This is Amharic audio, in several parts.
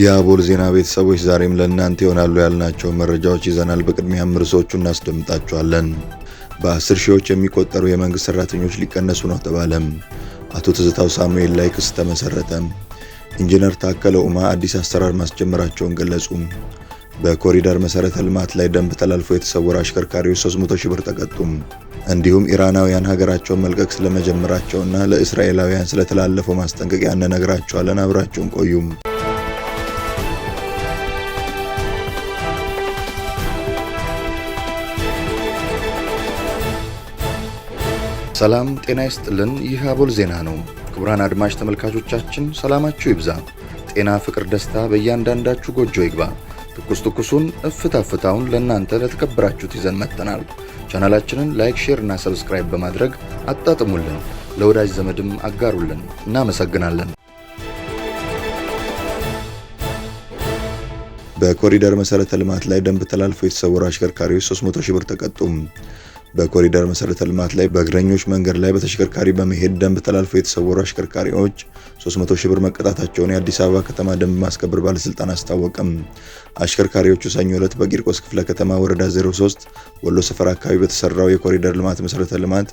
የአቦል ዜና ቤተሰቦች ዛሬም ለእናንተ ይሆናሉ ያልናቸው መረጃዎች ይዘናል። በቅድሚያም ርዕሶቹ እናስደምጣቸዋለን። በአስር ሺዎች የሚቆጠሩ የመንግሥት ሠራተኞች ሊቀነሱ ነው ተባለም። አቶ ትዝታው ሳሙኤል ላይ ክስ ተመሠረተ። ኢንጂነር ታከለ ኡማ አዲስ አሰራር ማስጀመራቸውን ገለጹ። በኮሪደር መሠረተ ልማት ላይ ደንብ ተላልፎ የተሰወረ አሽከርካሪዎች 300 ሺህ ብር ተቀጡም። እንዲሁም ኢራናውያን ሀገራቸውን መልቀቅ ስለመጀመራቸውና ለእስራኤላውያን ስለተላለፈው ማስጠንቀቂያ እንነግራቸዋለን። አብራችሁን ቆዩም። ሰላም ጤና ይስጥልን። ይህ አቦል ዜና ነው። ክቡራን አድማጭ ተመልካቾቻችን ሰላማችሁ ይብዛ፣ ጤና፣ ፍቅር፣ ደስታ በእያንዳንዳችሁ ጎጆ ይግባ። ትኩስ ትኩሱን እፍታ ፍታውን ለእናንተ ለተከበራችሁት ይዘን መጥተናል። ቻናላችንን ላይክ፣ ሼር እና ሰብስክራይብ በማድረግ አጣጥሙልን፣ ለወዳጅ ዘመድም አጋሩልን። እናመሰግናለን። በኮሪደር መሰረተ ልማት ላይ ደንብ ተላልፎ የተሰወሩ አሽከርካሪዎች 300 ሺህ ብር ተቀጡ። በኮሪደር መሰረተ ልማት ላይ በእግረኞች መንገድ ላይ በተሽከርካሪ በመሄድ ደንብ ተላልፈው የተሰወሩ አሽከርካሪዎች 300 ሺህ ብር መቀጣታቸውን የአዲስ አበባ ከተማ ደንብ ማስከበር ባለስልጣን አስታወቀም። አሽከርካሪዎቹ ሰኞ ዕለት በቂርቆስ ክፍለ ከተማ ወረዳ 03 ወሎ ሰፈር አካባቢ በተሰራው የኮሪደር ልማት መሰረተ ልማት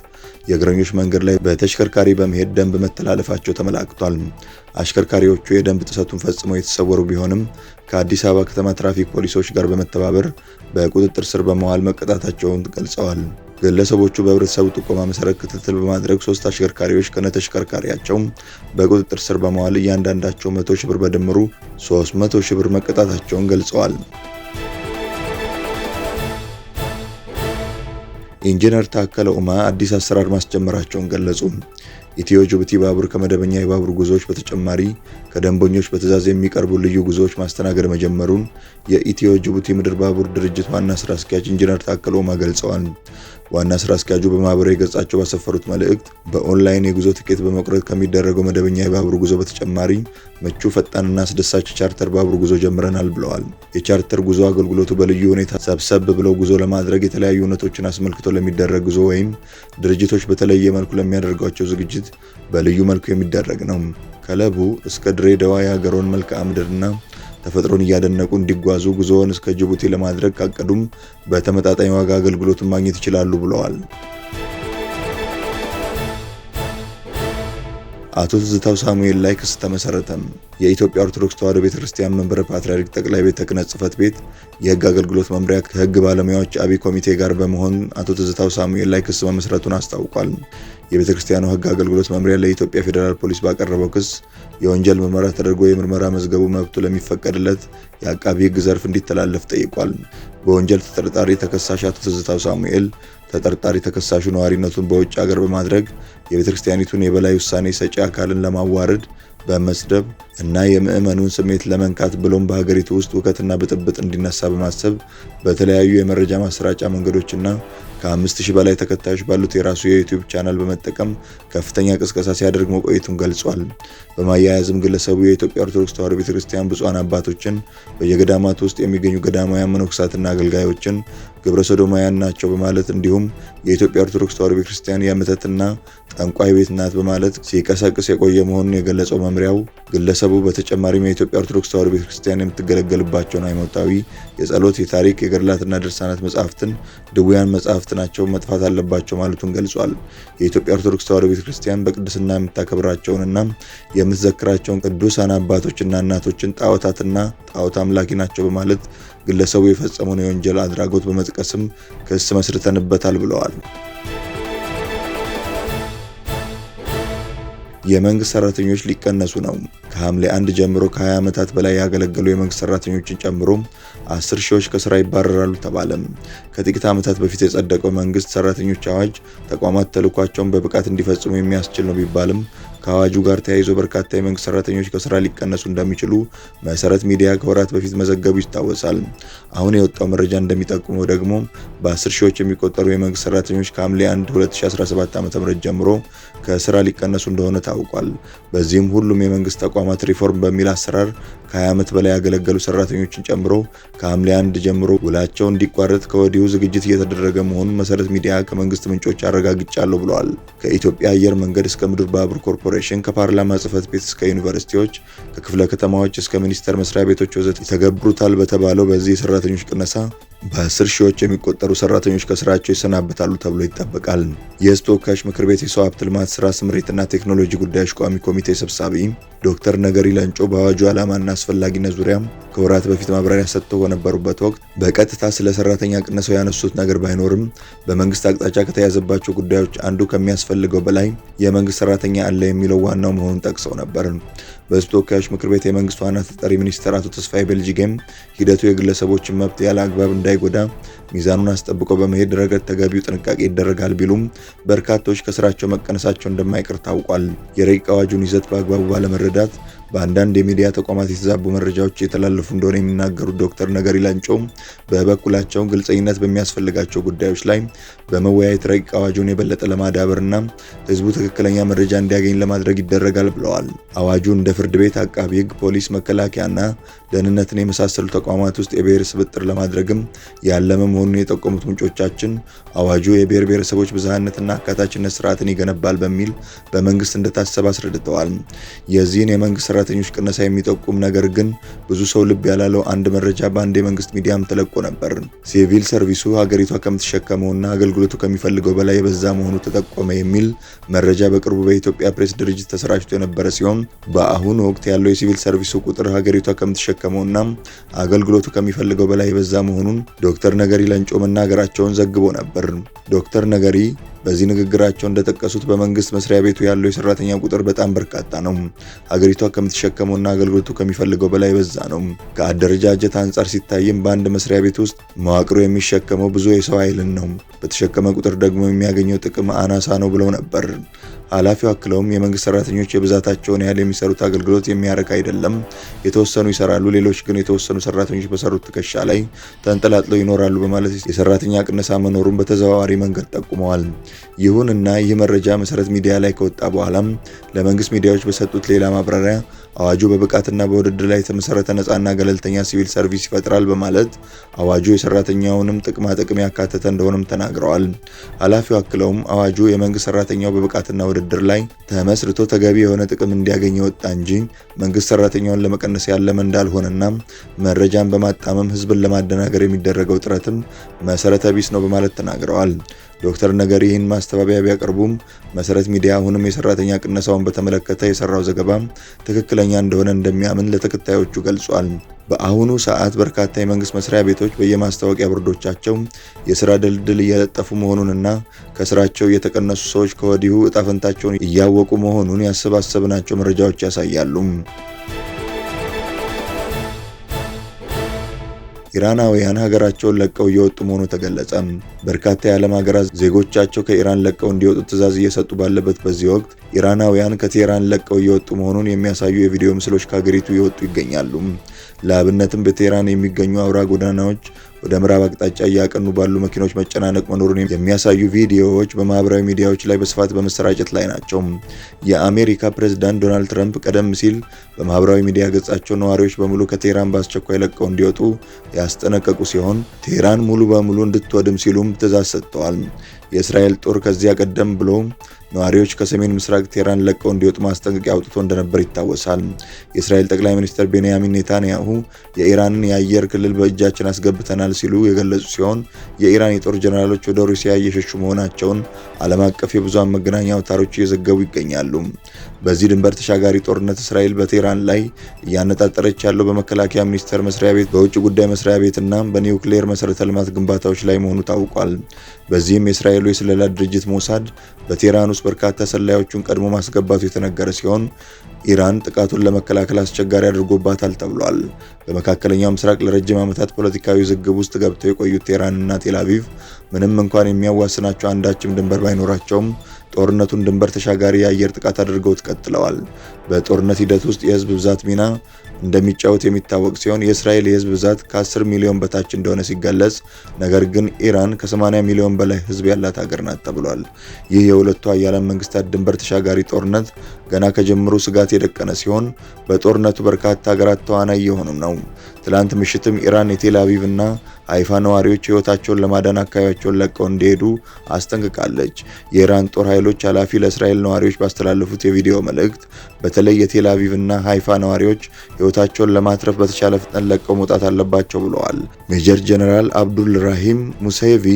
የእግረኞች መንገድ ላይ በተሽከርካሪ በመሄድ ደንብ መተላለፋቸው ተመላክቷል። አሽከርካሪዎቹ የደንብ ጥሰቱን ፈጽመው የተሰወሩ ቢሆንም ከአዲስ አበባ ከተማ ትራፊክ ፖሊሶች ጋር በመተባበር በቁጥጥር ስር በመዋል መቀጣታቸውን ገልጸዋል። ግለሰቦቹ በህብረተሰቡ ጥቆማ መሰረት ክትትል በማድረግ ሶስት አሽከርካሪዎች ከነተሽከርካሪያቸው በቁጥጥር ስር በመዋል እያንዳንዳቸው 100 ሺህ ብር በድምሩ 300 ሺህ ብር መቀጣታቸውን ገልጸዋል። ኢንጂነር ታከለ ኡማ አዲስ አሰራር ማስጀመራቸውን ገለጹ። ኢትዮ ጅቡቲ ባቡር ከመደበኛ የባቡር ጉዞዎች በተጨማሪ ከደንበኞች በትዕዛዝ የሚቀርቡ ልዩ ጉዞዎች ማስተናገድ መጀመሩን የኢትዮ ጅቡቲ ምድር ባቡር ድርጅት ዋና ስራ አስኪያጅ ኢንጂነር ታከለ ኡማ ገልጸዋል። ዋና ስራ አስኪያጁ በማህበራዊ ገጻቸው ባሰፈሩት መልእክት በኦንላይን የጉዞ ትኬት በመቁረጥ ከሚደረገው መደበኛ የባቡር ጉዞ በተጨማሪ ምቹ፣ ፈጣንና አስደሳች ቻርተር ባቡር ጉዞ ጀምረናል ብለዋል። የቻርተር ጉዞ አገልግሎቱ በልዩ ሁኔታ ሰብሰብ ብለው ጉዞ ለማድረግ የተለያዩ እውነቶችን አስመልክቶ ለሚደረግ ጉዞ ወይም ድርጅቶች በተለየ መልኩ ለሚያደርጓቸው ዝግጅት በልዩ መልኩ የሚደረግ ነው። ከለቡ እስከ ድሬዳዋ የሀገሮን መልክዓ ምድርና ተፈጥሮን እያደነቁ እንዲጓዙ ጉዞውን እስከ ጅቡቲ ለማድረግ ካቀዱም በተመጣጣኝ ዋጋ አገልግሎትን ማግኘት ይችላሉ ብለዋል። አቶ ትዝታው ሳሙኤል ላይ ክስ ተመሰረተም። የኢትዮጵያ ኦርቶዶክስ ተዋሕዶ ቤተ ክርስቲያን መንበረ ፓትርያርክ ጠቅላይ ቤተ ክህነት ጽሕፈት ቤት የሕግ አገልግሎት መምሪያ ከሕግ ባለሙያዎች አብይ ኮሚቴ ጋር በመሆን አቶ ትዝታው ሳሙኤል ላይ ክስ መመስረቱን አስታውቋል። የቤተ ክርስቲያኑ ሕግ አገልግሎት መምሪያ ለኢትዮጵያ ፌዴራል ፖሊስ ባቀረበው ክስ የወንጀል ምርመራ ተደርጎ የምርመራ መዝገቡ መብቱ ለሚፈቀድለት የአቃቢ ሕግ ዘርፍ እንዲተላለፍ ጠይቋል። በወንጀል ተጠርጣሪ ተከሳሽ አቶ ትዝታው ሳሙኤል ተጠርጣሪ ተከሳሹ ነዋሪነቱን በውጭ ሀገር በማድረግ የቤተ ክርስቲያኒቱን የበላይ ውሳኔ ሰጪ አካልን ለማዋረድ በመስደብ እና የምዕመኑን ስሜት ለመንካት ብሎም በሀገሪቱ ውስጥ ውከትና ብጥብጥ እንዲነሳ በማሰብ በተለያዩ የመረጃ ማሰራጫ መንገዶችና ከአምስት ሺህ በላይ ተከታዮች ባሉት የራሱ የዩቲዩብ ቻናል በመጠቀም ከፍተኛ ቅስቀሳ ሲያደርግ መቆየቱን ገልጿል። በማያያዝም ግለሰቡ የኢትዮጵያ ኦርቶዶክስ ተዋሕዶ ቤተክርስቲያን ብፁዓን አባቶችን በየገዳማት ውስጥ የሚገኙ ገዳማውያን መነኮሳትና አገልጋዮችን ግብረ ሰዶማውያን ናቸው በማለት እንዲሁም የኢትዮጵያ ኦርቶዶክስ ተዋሕዶ ቤተክርስቲያን የመተትና ጠንቋይ ቤት ናት በማለት ሲቀሰቅስ የቆየ መሆኑን የገለጸው መምሪያው ግለሰቡ በተጨማሪም የኢትዮጵያ ኦርቶዶክስ ተዋሕዶ ቤተክርስቲያን የምትገለገልባቸውን ሃይማኖታዊ የጸሎት፣ የታሪክ፣ የገድላትና ድርሳናት መጻሕፍትን ድውያን መጻሕፍት ናቸው መጥፋት አለባቸው ማለቱን ገልጿል። የኢትዮጵያ ኦርቶዶክስ ተዋሕዶ ቤተክርስቲያን በቅድስና የምታከብራቸውንና የምትዘክራቸውን ቅዱሳን አባቶችና እናቶችን ጣዖታትና ጣዖት አምላኪ ናቸው በማለት ግለሰቡ የፈጸመውን የወንጀል አድራጎት በመጥቀስም ክስ መስርተንበታል ብለዋል። የመንግስት ሰራተኞች ሊቀነሱ ነው። ከሐምሌ አንድ ጀምሮ ከ20 ዓመታት በላይ ያገለገሉ የመንግስት ሰራተኞችን ጨምሮ አስር ሺዎች ከስራ ይባረራሉ ተባለም። ከጥቂት ዓመታት በፊት የጸደቀው መንግስት ሰራተኞች አዋጅ ተቋማት ተልኳቸውን በብቃት እንዲፈጽሙ የሚያስችል ነው ቢባልም ከአዋጁ ጋር ተያይዞ በርካታ የመንግስት ሰራተኞች ከስራ ሊቀነሱ እንደሚችሉ መሰረት ሚዲያ ከወራት በፊት መዘገቡ ይታወሳል። አሁን የወጣው መረጃ እንደሚጠቁመው ደግሞ በ10 ሺዎች የሚቆጠሩ የመንግስት ሰራተኞች ከሐምሌ 1 2017 ዓ.ም ጀምሮ ከስራ ሊቀነሱ እንደሆነ ታውቋል። በዚህም ሁሉም የመንግስት ተቋማት ሪፎርም በሚል አሰራር ከ20 ዓመት በላይ ያገለገሉ ሰራተኞችን ጨምሮ ከሐምሌ አንድ ጀምሮ ውላቸው እንዲቋረጥ ከወዲሁ ዝግጅት እየተደረገ መሆኑን መሰረት ሚዲያ ከመንግስት ምንጮች አረጋግጫለሁ ብለዋል። ከኢትዮጵያ አየር መንገድ እስከ ምድር ባቡር ኮርፖሬሽን፣ ከፓርላማ ጽህፈት ቤት እስከ ዩኒቨርሲቲዎች፣ ከክፍለ ከተማዎች እስከ ሚኒስቴር መስሪያ ቤቶች ወዘተ ይተገብሩታል በተባለው በዚህ የሰራተኞች ቅነሳ በአስር ሺዎች የሚቆጠሩ ሰራተኞች ከስራቸው ይሰናበታሉ ተብሎ ይጠበቃል። የህዝብ ተወካዮች ምክር ቤት የሰው ሀብት ልማት ስራ ስምሪትና ቴክኖሎጂ ጉዳዮች ቋሚ ኮሚቴ ሰብሳቢ ሳቢ ዶክተር ነገሪ ለንጮ በአዋጁ ዓላማና አስፈላጊነት ዙሪያ ከወራት በፊት ማብራሪያ ሰጥተው በነበሩበት ወቅት በቀጥታ ስለ ሰራተኛ ቅነሳው ያነሱት ነገር ባይኖርም በመንግስት አቅጣጫ ከተያዘባቸው ጉዳዮች አንዱ ከሚያስፈልገው በላይ የመንግስት ሰራተኛ አለ የሚለው ዋናው መሆኑን ጠቅሰው ነበር። በህዝብ ተወካዮች ምክር ቤት የመንግስት ዋና ተጠሪ ሚኒስትር አቶ ተስፋዬ ቤልጅጌም ሂደቱ የግለሰቦችን መብት ያለ አግባብ እንዳይጎዳ ሚዛኑን አስጠብቆ በመሄድ ረገድ ተገቢው ጥንቃቄ ይደረጋል ቢሉም በርካቶች ከስራቸው መቀነሳቸው እንደማይቀር ታውቋል። የረቂቅ አዋጁን ይዘት በአግባቡ በአግባቡ ባለመረዳት በአንዳንድ የሚዲያ ተቋማት የተዛቡ መረጃዎች የተላለፉ እንደሆነ የሚናገሩት ዶክተር ነገሪ ላንጮም በበኩላቸው ግልጸኝነት በሚያስፈልጋቸው ጉዳዮች ላይ በመወያየት ረቂቅ አዋጁን የበለጠ ለማዳበርና ህዝቡ ትክክለኛ መረጃ እንዲያገኝ ለማድረግ ይደረጋል ብለዋል። አዋጁ እንደ ፍርድ ቤት፣ አቃቢ ህግ፣ ፖሊስ፣ መከላከያና ደህንነትን የመሳሰሉ ተቋማት ውስጥ የብሔር ስብጥር ለማድረግም ያለመ መሆኑን የጠቆሙት ምንጮቻችን አዋጁ የብሔር ብሔረሰቦች ብዝሃነትና አካታችነት ስርዓትን ይገነባል በሚል በመንግስት እንደታሰበ አስረድተዋል። የዚህን የመንግስት ሰራተኞች ቅነሳ የሚጠቁም ነገር ግን ብዙ ሰው ልብ ያላለው አንድ መረጃ በአንድ የመንግስት ሚዲያም ተለቆ ነበር። ሲቪል ሰርቪሱ ሀገሪቷ ከምትሸከመውና አገልግሎቱ ከሚፈልገው በላይ የበዛ መሆኑ ተጠቆመ የሚል መረጃ በቅርቡ በኢትዮጵያ ፕሬስ ድርጅት ተሰራጭቶ የነበረ ሲሆን በአሁኑ ወቅት ያለው የሲቪል ሰርቪሱ ቁጥር ሀገሪቷ ከምትሸከመውና አገልግሎቱ ከሚፈልገው በላይ የበዛ መሆኑን ዶክተር ነገሪ ለንጮ መናገራቸውን ዘግቦ ነበር። ዶክተር ነገሪ በዚህ ንግግራቸው እንደጠቀሱት በመንግስት መስሪያ ቤቱ ያለው የሰራተኛ ቁጥር በጣም በርካታ ነው። ሀገሪቷ ከምትሸከመውና አገልግሎቱ ከሚፈልገው በላይ በዛ ነው። ከአደረጃጀት አንጻር ሲታይም በአንድ መስሪያ ቤት ውስጥ መዋቅሩ የሚሸከመው ብዙ የሰው ኃይልን ነው። በተሸከመ ቁጥር ደግሞ የሚያገኘው ጥቅም አናሳ ነው ብለው ነበር። ኃላፊው አክለውም የመንግስት ሰራተኞች የብዛታቸውን ያህል የሚሰሩት አገልግሎት የሚያረካ አይደለም። የተወሰኑ ይሰራሉ፣ ሌሎች ግን የተወሰኑ ሰራተኞች በሰሩት ትከሻ ላይ ተንጠላጥለው ይኖራሉ በማለት የሰራተኛ ቅነሳ መኖሩን በተዘዋዋሪ መንገድ ጠቁመዋል። ይሁን እና ይህ መረጃ መሰረት ሚዲያ ላይ ከወጣ በኋላም ለመንግስት ሚዲያዎች በሰጡት ሌላ ማብራሪያ አዋጁ በብቃትና በውድድር ላይ የተመሰረተ ነፃና ገለልተኛ ሲቪል ሰርቪስ ይፈጥራል በማለት አዋጁ የሰራተኛውንም ጥቅማ ጥቅም ያካተተ እንደሆነም ተናግረዋል። ኃላፊው አክለውም አዋጁ የመንግስት ሰራተኛው በብቃትና ውድድር ላይ ተመስርቶ ተገቢ የሆነ ጥቅም እንዲያገኝ ወጣ እንጂ መንግስት ሰራተኛውን ለመቀነስ ያለመ እንዳልሆነና መረጃን በማጣመም ህዝብን ለማደናገር የሚደረገው ጥረትም መሰረተ ቢስ ነው በማለት ተናግረዋል። ዶክተር ነገሪ ይህን ማስተባበያ ቢያቀርቡም መሰረት ሚዲያ አሁንም የሰራተኛ ቅነሳውን በተመለከተ የሰራው ዘገባ ትክክለ ትክክለኛ እንደሆነ እንደሚያምን ለተከታዮቹ ገልጿል። በአሁኑ ሰዓት በርካታ የመንግስት መስሪያ ቤቶች በየማስታወቂያ ቦርዶቻቸው የስራ ድልድል እየለጠፉ መሆኑንና ከስራቸው የተቀነሱ ሰዎች ከወዲሁ እጣፈንታቸውን እያወቁ መሆኑን ያሰባሰብናቸው መረጃዎች ያሳያሉ። ኢራናውያን ሀገራቸውን ለቀው እየወጡ መሆኑ ተገለጸ። በርካታ የዓለም ሀገራት ዜጎቻቸው ከኢራን ለቀው እንዲወጡ ትዕዛዝ እየሰጡ ባለበት በዚህ ወቅት ኢራናውያን ከቴህራን ለቀው እየወጡ መሆኑን የሚያሳዩ የቪዲዮ ምስሎች ከሀገሪቱ እየወጡ ይገኛሉ። ለአብነትም በቴህራን የሚገኙ አውራ ጎዳናዎች ወደ ምዕራብ አቅጣጫ እያቀኑ ባሉ መኪኖች መጨናነቅ መኖሩን የሚያሳዩ ቪዲዮዎች በማህበራዊ ሚዲያዎች ላይ በስፋት በመሰራጨት ላይ ናቸው። የአሜሪካ ፕሬዝዳንት ዶናልድ ትራምፕ ቀደም ሲል በማህበራዊ ሚዲያ ገጻቸው ነዋሪዎች በሙሉ ከቴህራን በአስቸኳይ ለቀው እንዲወጡ ያስጠነቀቁ ሲሆን ቴህራን ሙሉ በሙሉ እንድትወድም ሲሉም ትዛዝ ሰጥተዋል። የእስራኤል ጦር ከዚያ ቀደም ብሎ ነዋሪዎች ከሰሜን ምስራቅ ቴህራን ለቀው እንዲወጡ ማስጠንቀቂያ አውጥቶ እንደነበር ይታወሳል። የእስራኤል ጠቅላይ ሚኒስትር ቤንያሚን ኔታንያሁ የኢራንን የአየር ክልል በእጃችን አስገብተናል ሲሉ የገለጹ ሲሆን የኢራን የጦር ጀኔራሎች ወደ ሩሲያ እየሸሹ መሆናቸውን ዓለም አቀፍ የብዙሃን መገናኛ አውታሮች እየዘገቡ ይገኛሉ። በዚህ ድንበር ተሻጋሪ ጦርነት እስራኤል በቴህራን ላይ እያነጣጠረች ያለው በመከላከያ ሚኒስቴር መስሪያ ቤት፣ በውጭ ጉዳይ መስሪያ ቤት እና በኒውክሌር መሰረተ ልማት ግንባታዎች ላይ መሆኑ ታውቋል። በዚህም የእስራኤሉ የስለላ ድርጅት ሞሳድ በቴህራን ውስጥ በርካታ ሰላዮቹን ቀድሞ ማስገባቱ የተነገረ ሲሆን ኢራን ጥቃቱን ለመከላከል አስቸጋሪ አድርጎባታል ተብሏል። በመካከለኛው ምስራቅ ለረጅም ዓመታት ፖለቲካዊ ውዝግብ ውስጥ ገብተው የቆዩት ቴህራንና ቴላቪቭ ምንም እንኳን የሚያዋስናቸው አንዳችም ድንበር ባይኖራቸውም ጦርነቱን ድንበር ተሻጋሪ የአየር ጥቃት አድርገውት ቀጥለዋል። በጦርነት ሂደት ውስጥ የህዝብ ብዛት ሚና እንደሚጫወት የሚታወቅ ሲሆን የእስራኤል የህዝብ ብዛት ከ10 ሚሊዮን በታች እንደሆነ ሲገለጽ፣ ነገር ግን ኢራን ከ80 ሚሊዮን በላይ ህዝብ ያላት ሀገር ናት ተብሏል። ይህ የሁለቱ ሀያላን መንግስታት ድንበር ተሻጋሪ ጦርነት ገና ከጀምሩ ስጋት የደቀነ ሲሆን በጦርነቱ በርካታ ሀገራት ተዋናይ እየሆኑም ነው። ትላንት ምሽትም ኢራን የቴል እና ሃይፋ ነዋሪዎች ሕይወታቸውን ለማዳን አካባቢያቸውን ለቀው እንዲሄዱ አስጠንቅቃለች። የኢራን ጦር ኃይሎች ኃላፊ ለእስራኤል ነዋሪዎች ባስተላለፉት የቪዲዮ መልእክት በተለይ የቴል እና ሃይፋ ነዋሪዎች ህይወታቸውን ለማትረፍ በተቻለ ፍጥነት ለቀው መውጣት አለባቸው ብለዋል። ሜጀር ጀነራል አብዱል ራሂም ሙሴቪ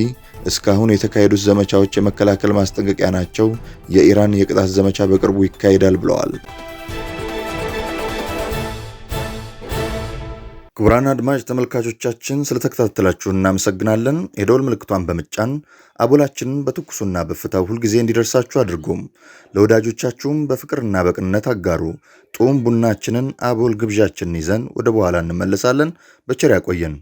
እስካሁን የተካሄዱት ዘመቻዎች የመከላከል ማስጠንቀቂያ ናቸው። የኢራን የቅጣት ዘመቻ በቅርቡ ይካሄዳል ብለዋል። ክቡራን አድማጭ ተመልካቾቻችን ስለተከታተላችሁ እናመሰግናለን። የደወል ምልክቷን በመጫን አቦላችንን በትኩሱና በፍታው ሁልጊዜ እንዲደርሳችሁ አድርጎም ለወዳጆቻችሁም በፍቅርና በቅንነት አጋሩ። ጡም ቡናችንን አቦል ግብዣችንን ይዘን ወደ በኋላ እንመለሳለን። በቸር ያቆየን።